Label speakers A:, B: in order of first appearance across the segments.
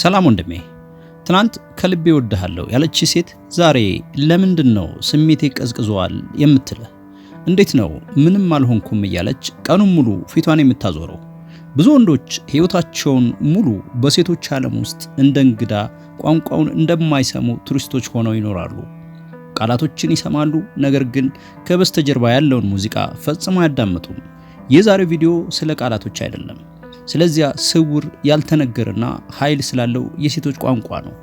A: ሰላም ወንድሜ፣ ትናንት ከልቤ ወድሃለሁ ያለች ሴት ዛሬ ለምንድን ነው ስሜቴ ቀዝቅዟል የምትለ? እንዴት ነው ምንም አልሆንኩም እያለች ቀኑን ሙሉ ፊቷን የምታዞረው? ብዙ ወንዶች ሕይወታቸውን ሙሉ በሴቶች ዓለም ውስጥ እንደ እንግዳ ቋንቋውን እንደማይሰሙ ቱሪስቶች ሆነው ይኖራሉ። ቃላቶችን ይሰማሉ፣ ነገር ግን ከበስተጀርባ ያለውን ሙዚቃ ፈጽሞ አያዳምጡም። የዛሬው ቪዲዮ ስለ ቃላቶች አይደለም። ስለዚያ ስውር ያልተነገረና ኃይል ስላለው የሴቶች ቋንቋ ነው።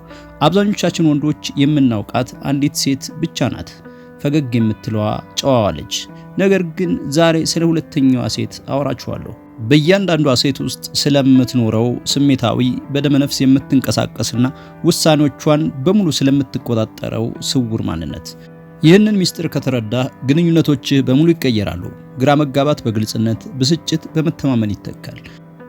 A: አብዛኞቻችን ወንዶች የምናውቃት አንዲት ሴት ብቻ ናት፣ ፈገግ የምትለዋ ጨዋዋ ልጅ። ነገር ግን ዛሬ ስለ ሁለተኛዋ ሴት አወራችኋለሁ። በእያንዳንዷ ሴት ውስጥ ስለምትኖረው ስሜታዊ በደመነፍስ የምትንቀሳቀስና ውሳኔዎቿን በሙሉ ስለምትቆጣጠረው ስውር ማንነት ይህንን ሚስጥር ከተረዳ ግንኙነቶችህ በሙሉ ይቀየራሉ። ግራ መጋባት በግልጽነት፣ ብስጭት በመተማመን ይተካል።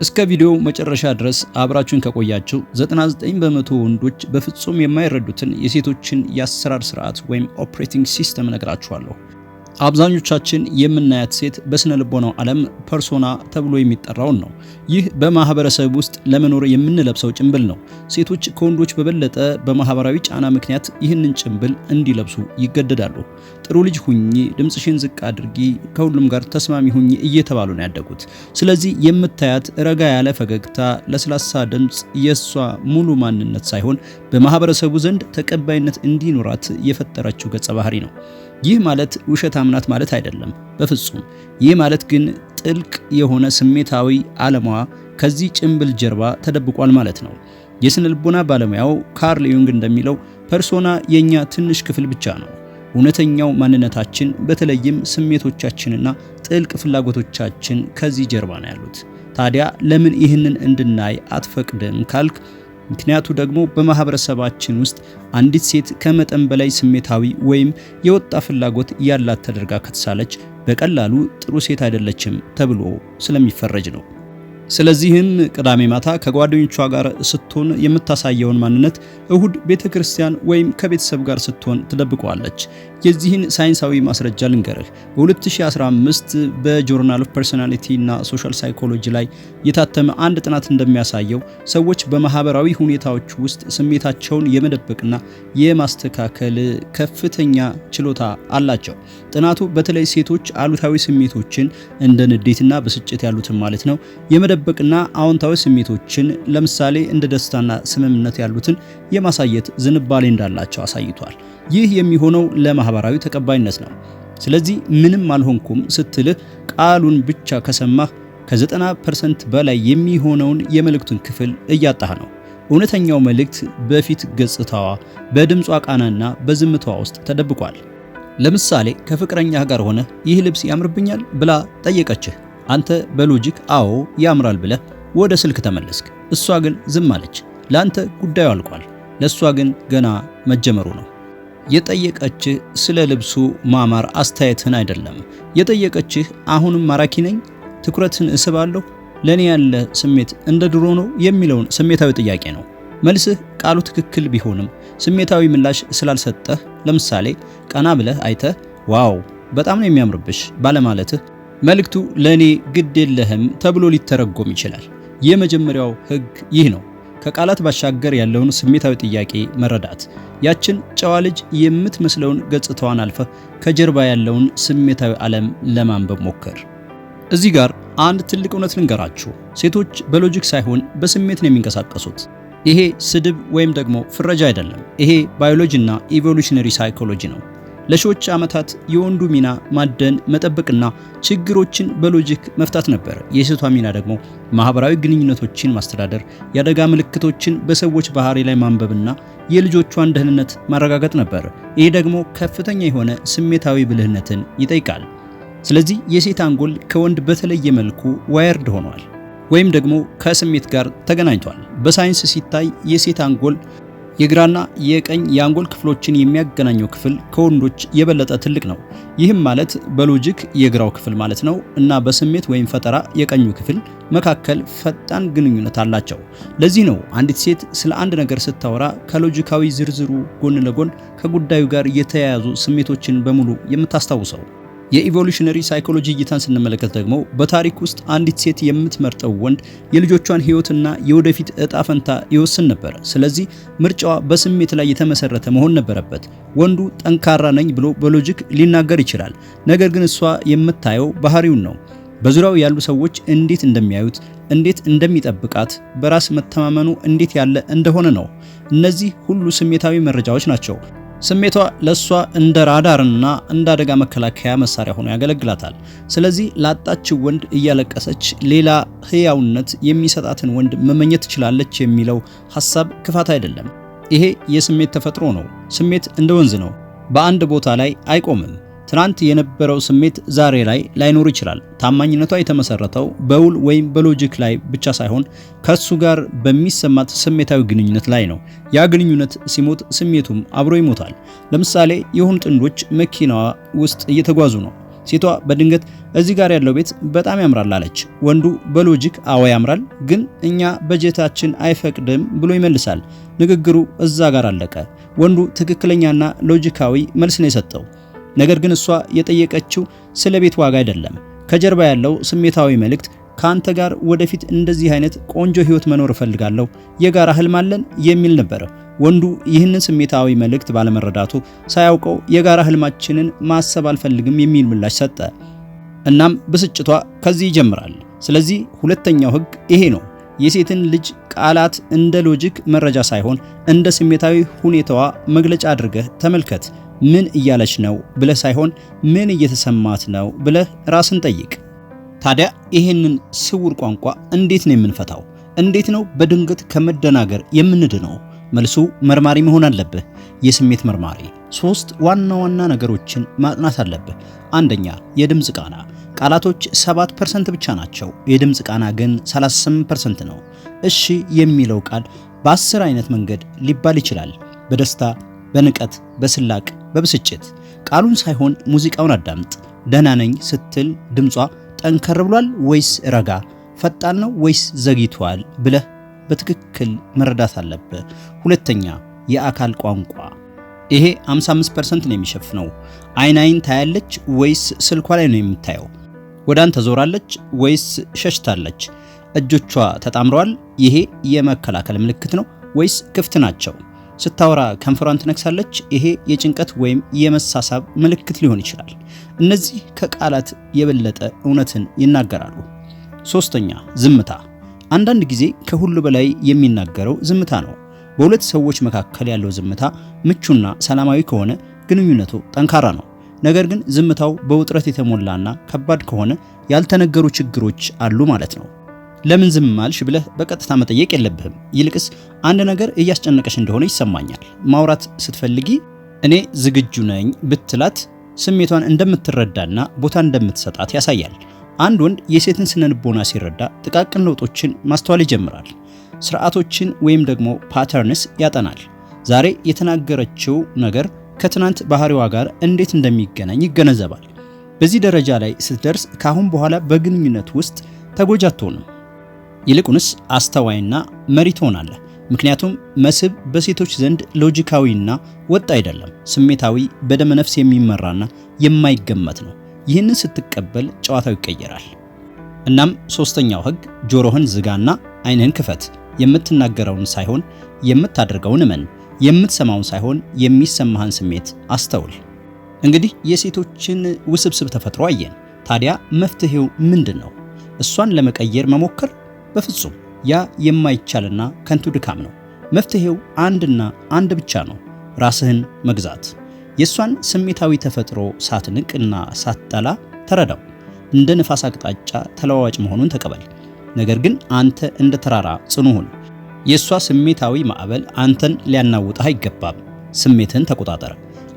A: እስከ ቪዲዮው መጨረሻ ድረስ አብራችሁን ከቆያችሁ 99 በመቶ ወንዶች በፍጹም የማይረዱትን የሴቶችን የአሰራር ስርዓት ወይም ኦፕሬቲንግ ሲስተም ነግራችኋለሁ። አብዛኞቻችን የምናያት ሴት በስነ ልቦናው ዓለም ፐርሶና ተብሎ የሚጠራውን ነው። ይህ በማህበረሰብ ውስጥ ለመኖር የምንለብሰው ጭንብል ነው። ሴቶች ከወንዶች በበለጠ በማህበራዊ ጫና ምክንያት ይህንን ጭንብል እንዲለብሱ ይገደዳሉ። ጥሩ ልጅ ሁኚ፣ ድምፅሽን ዝቅ አድርጊ፣ ከሁሉም ጋር ተስማሚ ሁኚ እየተባሉ ነው ያደጉት። ስለዚህ የምታያት ረጋ ያለ ፈገግታ፣ ለስላሳ ድምፅ የእሷ ሙሉ ማንነት ሳይሆን በማህበረሰቡ ዘንድ ተቀባይነት እንዲኖራት የፈጠረችው ገጸ ባህሪ ነው። ይህ ማለት ውሸታም ናት ማለት አይደለም፣ በፍጹም። ይህ ማለት ግን ጥልቅ የሆነ ስሜታዊ ዓለሟ ከዚህ ጭምብል ጀርባ ተደብቋል ማለት ነው። የስነ ልቦና ባለሙያው ካርል ዩንግ እንደሚለው ፐርሶና የእኛ ትንሽ ክፍል ብቻ ነው እውነተኛው ማንነታችን በተለይም ስሜቶቻችንና ጥልቅ ፍላጎቶቻችን ከዚህ ጀርባ ነው ያሉት። ታዲያ ለምን ይህንን እንድናይ አትፈቅድም ካልክ ምክንያቱ ደግሞ በማህበረሰባችን ውስጥ አንዲት ሴት ከመጠን በላይ ስሜታዊ ወይም የወጣ ፍላጎት ያላት ተደርጋ ከተሳለች በቀላሉ ጥሩ ሴት አይደለችም ተብሎ ስለሚፈረጅ ነው። ስለዚህም ቅዳሜ ማታ ከጓደኞቿ ጋር ስትሆን የምታሳየውን ማንነት እሁድ ቤተ ክርስቲያን ወይም ከቤተሰብ ጋር ስትሆን ትደብቀዋለች። የዚህን ሳይንሳዊ ማስረጃ ልንገርህ። በ2015 በጆርናል ኦፍ ፐርሶናሊቲ እና ሶሻል ሳይኮሎጂ ላይ የታተመ አንድ ጥናት እንደሚያሳየው ሰዎች በማህበራዊ ሁኔታዎች ውስጥ ስሜታቸውን የመደበቅና የማስተካከል ከፍተኛ ችሎታ አላቸው። ጥናቱ በተለይ ሴቶች አሉታዊ ስሜቶችን እንደ ንዴትና ብስጭት ያሉትን ማለት ነው የመደበቅና አዎንታዊ ስሜቶችን ለምሳሌ እንደ ደስታና ስምምነት ያሉትን የማሳየት ዝንባሌ እንዳላቸው አሳይቷል። ይህ የሚሆነው ለማህበራዊ ተቀባይነት ነው። ስለዚህ ምንም አልሆንኩም ስትልህ ቃሉን ብቻ ከሰማህ ከ90% በላይ የሚሆነውን የመልእክቱን ክፍል እያጣህ ነው። እውነተኛው መልእክት በፊት ገጽታዋ፣ በድምጿ ቃናና በዝምታዋ ውስጥ ተደብቋል። ለምሳሌ ከፍቅረኛህ ጋር ሆነ ይህ ልብስ ያምርብኛል ብላ ጠየቀችህ። አንተ በሎጂክ አዎ ያምራል ብለህ ወደ ስልክ ተመለስክ። እሷ ግን ዝም አለች። ለአንተ ጉዳዩ አልቋል፣ ለእሷ ግን ገና መጀመሩ ነው። የጠየቀችህ ስለ ልብሱ ማማር አስተያየትህን አይደለም። የጠየቀችህ አሁንም ማራኪ ነኝ፣ ትኩረትን እስባለሁ፣ ለእኔ ያለ ስሜት እንደ ድሮ ነው የሚለውን ስሜታዊ ጥያቄ ነው። መልስህ ቃሉ ትክክል ቢሆንም ስሜታዊ ምላሽ ስላልሰጠህ፣ ለምሳሌ ቀና ብለህ አይተህ ዋው በጣም ነው የሚያምርብሽ ባለማለትህ መልእክቱ ለእኔ ግድ የለህም ተብሎ ሊተረጎም ይችላል። የመጀመሪያው ህግ ይህ ነው። ከቃላት ባሻገር ያለውን ስሜታዊ ጥያቄ መረዳት፣ ያችን ጨዋ ልጅ የምትመስለውን ገጽታዋን አልፈ ከጀርባ ያለውን ስሜታዊ ዓለም ለማንበብ ሞከር። እዚህ ጋር አንድ ትልቅ እውነት ልንገራችሁ፣ ሴቶች በሎጂክ ሳይሆን በስሜት ነው የሚንቀሳቀሱት። ይሄ ስድብ ወይም ደግሞ ፍረጃ አይደለም። ይሄ ባዮሎጂና ኢቮሉሽነሪ ሳይኮሎጂ ነው። ለሺዎች ዓመታት የወንዱ ሚና ማደን፣ መጠበቅና ችግሮችን በሎጂክ መፍታት ነበር። የሴቷ ሚና ደግሞ ማህበራዊ ግንኙነቶችን ማስተዳደር፣ የአደጋ ምልክቶችን በሰዎች ባህሪ ላይ ማንበብና የልጆቿን ደህንነት ማረጋገጥ ነበር። ይህ ደግሞ ከፍተኛ የሆነ ስሜታዊ ብልህነትን ይጠይቃል። ስለዚህ የሴት አንጎል ከወንድ በተለየ መልኩ ዋየርድ ሆኗል፣ ወይም ደግሞ ከስሜት ጋር ተገናኝቷል። በሳይንስ ሲታይ የሴት አንጎል የግራና የቀኝ የአንጎል ክፍሎችን የሚያገናኘው ክፍል ከወንዶች የበለጠ ትልቅ ነው። ይህም ማለት በሎጂክ የግራው ክፍል ማለት ነው እና በስሜት ወይም ፈጠራ የቀኙ ክፍል መካከል ፈጣን ግንኙነት አላቸው። ለዚህ ነው አንዲት ሴት ስለ አንድ ነገር ስታወራ ከሎጂካዊ ዝርዝሩ ጎን ለጎን ከጉዳዩ ጋር የተያያዙ ስሜቶችን በሙሉ የምታስታውሰው። የኢቮሉሽነሪ ሳይኮሎጂ እይታን ስንመለከት ደግሞ በታሪክ ውስጥ አንዲት ሴት የምትመርጠው ወንድ የልጆቿን ህይወትና የወደፊት እጣ ፈንታ ይወስን ነበር። ስለዚህ ምርጫዋ በስሜት ላይ የተመሰረተ መሆን ነበረበት። ወንዱ ጠንካራ ነኝ ብሎ በሎጂክ ሊናገር ይችላል። ነገር ግን እሷ የምታየው ባህሪውን ነው። በዙሪያው ያሉ ሰዎች እንዴት እንደሚያዩት፣ እንዴት እንደሚጠብቃት፣ በራስ መተማመኑ እንዴት ያለ እንደሆነ ነው። እነዚህ ሁሉ ስሜታዊ መረጃዎች ናቸው። ስሜቷ ለእሷ እንደ ራዳርና እንደ አደጋ መከላከያ መሳሪያ ሆኖ ያገለግላታል። ስለዚህ ላጣችው ወንድ እያለቀሰች ሌላ ህያውነት የሚሰጣትን ወንድ መመኘት ትችላለች የሚለው ሀሳብ ክፋት አይደለም። ይሄ የስሜት ተፈጥሮ ነው። ስሜት እንደ ወንዝ ነው፣ በአንድ ቦታ ላይ አይቆምም። ትናንት የነበረው ስሜት ዛሬ ላይ ላይኖር ይችላል። ታማኝነቷ የተመሰረተው በውል ወይም በሎጂክ ላይ ብቻ ሳይሆን ከሱ ጋር በሚሰማት ስሜታዊ ግንኙነት ላይ ነው። ያ ግንኙነት ሲሞት ስሜቱም አብሮ ይሞታል። ለምሳሌ የሆኑ ጥንዶች መኪናዋ ውስጥ እየተጓዙ ነው። ሴቷ በድንገት እዚህ ጋር ያለው ቤት በጣም ያምራል አለች። ወንዱ በሎጂክ አዎ ያምራል፣ ግን እኛ በጀታችን አይፈቅድም ብሎ ይመልሳል። ንግግሩ እዛ ጋር አለቀ። ወንዱ ትክክለኛና ሎጂካዊ መልስ ነው የሰጠው። ነገር ግን እሷ የጠየቀችው ስለ ቤት ዋጋ አይደለም። ከጀርባ ያለው ስሜታዊ መልእክት ከአንተ ጋር ወደፊት እንደዚህ አይነት ቆንጆ ህይወት መኖር እፈልጋለሁ፣ የጋራ ህልም አለን የሚል ነበር። ወንዱ ይህንን ስሜታዊ መልእክት ባለመረዳቱ ሳያውቀው የጋራ ህልማችንን ማሰብ አልፈልግም የሚል ምላሽ ሰጠ። እናም ብስጭቷ ከዚህ ይጀምራል። ስለዚህ ሁለተኛው ህግ ይሄ ነው። የሴትን ልጅ ቃላት እንደ ሎጂክ መረጃ ሳይሆን እንደ ስሜታዊ ሁኔታዋ መግለጫ አድርገህ ተመልከት። ምን እያለች ነው ብለህ ሳይሆን ምን እየተሰማት ነው ብለህ ራስን ጠይቅ። ታዲያ ይህንን ስውር ቋንቋ እንዴት ነው የምንፈታው? እንዴት ነው በድንገት ከመደናገር የምንድነው? መልሱ መርማሪ መሆን አለብህ። የስሜት መርማሪ ሶስት ዋና ዋና ነገሮችን ማጥናት አለብህ። አንደኛ የድምፅ ቃና። ቃላቶች 7% ብቻ ናቸው። የድምፅ ቃና ግን 38% ነው። እሺ የሚለው ቃል በአስር አይነት መንገድ ሊባል ይችላል። በደስታ በንቀት በስላቅ በብስጭት ቃሉን ሳይሆን ሙዚቃውን አዳምጥ። ደህና ነኝ ስትል ድምጿ ጠንከር ብሏል ወይስ ረጋ? ፈጣን ነው ወይስ ዘግይቷል? ብለህ በትክክል መረዳት አለብህ። ሁለተኛ የአካል ቋንቋ ይሄ 55% ነው የሚሸፍነው። አይን አይን ታያለች ወይስ ስልኳ ላይ ነው የምታየው? ወዳን ተዞራለች ወይስ ሸሽታለች? እጆቿ ተጣምረዋል? ይሄ የመከላከል ምልክት ነው ወይስ ክፍት ናቸው? ስታወራ ከንፈሯን ትነክሳለች። ይሄ የጭንቀት ወይም የመሳሳብ ምልክት ሊሆን ይችላል። እነዚህ ከቃላት የበለጠ እውነትን ይናገራሉ። ሶስተኛ ዝምታ። አንዳንድ ጊዜ ከሁሉ በላይ የሚናገረው ዝምታ ነው። በሁለት ሰዎች መካከል ያለው ዝምታ ምቹና ሰላማዊ ከሆነ ግንኙነቱ ጠንካራ ነው። ነገር ግን ዝምታው በውጥረት የተሞላና ከባድ ከሆነ ያልተነገሩ ችግሮች አሉ ማለት ነው። ለምን ዝም አልሽ ብለህ በቀጥታ መጠየቅ የለብህም። ይልቅስ አንድ ነገር እያስጨነቀሽ እንደሆነ ይሰማኛል፣ ማውራት ስትፈልጊ እኔ ዝግጁ ነኝ ብትላት ስሜቷን እንደምትረዳና ቦታ እንደምትሰጣት ያሳያል። አንድ ወንድ የሴትን ስነ ልቦና ሲረዳ ጥቃቅን ለውጦችን ማስተዋል ይጀምራል። ስርዓቶችን ወይም ደግሞ ፓተርንስ ያጠናል። ዛሬ የተናገረችው ነገር ከትናንት ባህሪዋ ጋር እንዴት እንደሚገናኝ ይገነዘባል። በዚህ ደረጃ ላይ ስትደርስ ከአሁን በኋላ በግንኙነት ውስጥ ተጎጂ አትሆንም። ይልቁንስ አስተዋይና መሪ ትሆናለህ። ምክንያቱም መስህብ በሴቶች ዘንድ ሎጂካዊና ወጥ አይደለም፣ ስሜታዊ፣ ነፍስ የሚመራና የማይገመት ነው። ይህንን ስትቀበል ጨዋታው ይቀየራል። እናም ሶስተኛው ህግ ጆሮህን ዝጋና አይንህን ክፈት። የምትናገረውን ሳይሆን የምታደርገውን እመን። የምትሰማውን ሳይሆን የሚሰማህን ስሜት አስተውል። እንግዲህ የሴቶችን ውስብስብ ተፈጥሮ አየን። ታዲያ መፍትሄው ምንድን ነው? እሷን ለመቀየር መሞከር በፍጹም ያ የማይቻልና ከንቱ ድካም ነው። መፍትሄው አንድና አንድ ብቻ ነው፣ ራስህን መግዛት። የእሷን ስሜታዊ ተፈጥሮ ሳትንቅና ሳትጠላ ተረዳው። እንደ ንፋስ አቅጣጫ ተለዋዋጭ መሆኑን ተቀበል። ነገር ግን አንተ እንደ ተራራ ጽኑ ሁን። የእሷ ስሜታዊ ማዕበል አንተን ሊያናውጥህ አይገባም። ስሜትን ተቆጣጠረ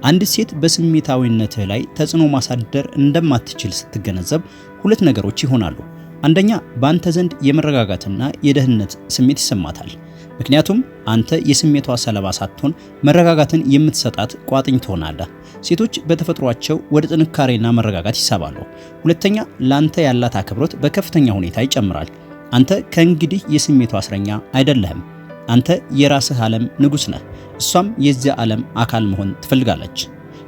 A: አንዲት ሴት በስሜታዊነትህ ላይ ተጽዕኖ ማሳደር እንደማትችል ስትገነዘብ ሁለት ነገሮች ይሆናሉ። አንደኛ በአንተ ዘንድ የመረጋጋትና የደህንነት ስሜት ይሰማታል። ምክንያቱም አንተ የስሜቷ ሰለባ ሳትሆን መረጋጋትን የምትሰጣት ቋጥኝ ትሆናለህ። ሴቶች በተፈጥሯቸው ወደ ጥንካሬና መረጋጋት ይሳባሉ። ሁለተኛ ለአንተ ያላት አክብሮት በከፍተኛ ሁኔታ ይጨምራል። አንተ ከእንግዲህ የስሜቷ እስረኛ አይደለህም። አንተ የራስህ ዓለም ንጉሥ ነህ። እሷም የዚያ ዓለም አካል መሆን ትፈልጋለች።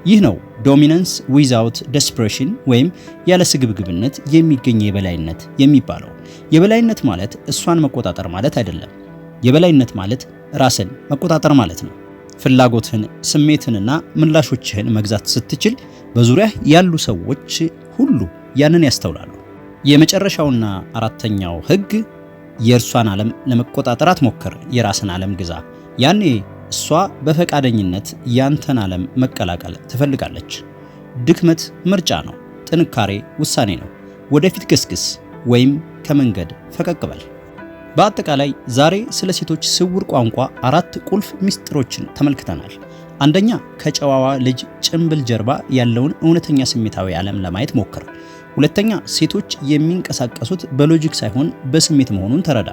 A: ይህ ነው ዶሚናንስ ዊዛውት ዴስፕሬሽን ወይም ያለ ስግብግብነት የሚገኝ የበላይነት የሚባለው። የበላይነት ማለት እሷን መቆጣጠር ማለት አይደለም። የበላይነት ማለት ራስን መቆጣጠር ማለት ነው። ፍላጎትህን፣ ስሜትንና ምላሾችህን መግዛት ስትችል በዙሪያ ያሉ ሰዎች ሁሉ ያንን ያስተውላሉ። የመጨረሻውና አራተኛው ህግ የእርሷን ዓለም ለመቆጣጠር አትሞክር፣ የራስን ዓለም ግዛ። ያኔ እሷ በፈቃደኝነት ያንተን ዓለም መቀላቀል ትፈልጋለች። ድክመት ምርጫ ነው፣ ጥንካሬ ውሳኔ ነው። ወደፊት ግስግስ ወይም ከመንገድ ፈቀቅ በል። በአጠቃላይ ዛሬ ስለ ሴቶች ስውር ቋንቋ አራት ቁልፍ ምስጢሮችን ተመልክተናል። አንደኛ፣ ከጨዋዋ ልጅ ጭንብል ጀርባ ያለውን እውነተኛ ስሜታዊ ዓለም ለማየት ሞክር። ሁለተኛ፣ ሴቶች የሚንቀሳቀሱት በሎጂክ ሳይሆን በስሜት መሆኑን ተረዳ።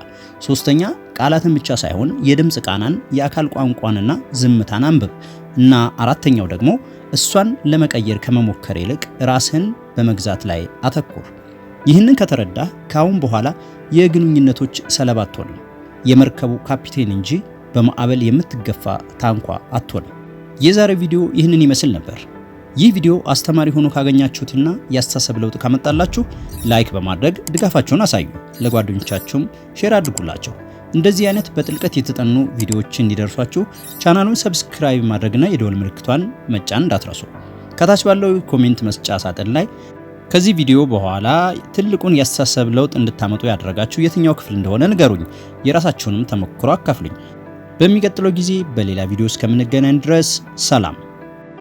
A: ሶስተኛ፣ ቃላትን ብቻ ሳይሆን የድምፅ ቃናን፣ የአካል ቋንቋንና ዝምታን አንብብ እና አራተኛው ደግሞ እሷን ለመቀየር ከመሞከር ይልቅ ራስህን በመግዛት ላይ አተኩር። ይህንን ከተረዳህ ከአሁን በኋላ የግንኙነቶች ሰለባ አትሆንም። የመርከቡ ካፒቴን እንጂ በማዕበል የምትገፋ ታንኳ አትሆንም። የዛሬው ቪዲዮ ይህንን ይመስል ነበር። ይህ ቪዲዮ አስተማሪ ሆኖ ካገኛችሁትና ያስተሳሰብ ለውጥ ካመጣላችሁ ላይክ በማድረግ ድጋፋችሁን አሳዩ። ለጓደኞቻችሁም ሼር አድርጉላቸው። እንደዚህ አይነት በጥልቀት የተጠኑ ቪዲዮዎች እንዲደርሷችሁ ቻናሉን ሰብስክራይብ ማድረግና የደወል ምልክቷን መጫን እንዳትረሱ። ከታች ባለው ኮሜንት መስጫ ሳጥን ላይ ከዚህ ቪዲዮ በኋላ ትልቁን የአስተሳሰብ ለውጥ እንድታመጡ ያደረጋችሁ የትኛው ክፍል እንደሆነ ንገሩኝ። የራሳችሁንም ተሞክሮ አካፍሉኝ። በሚቀጥለው ጊዜ በሌላ ቪዲዮ እስከምንገናኝ ድረስ ሰላም።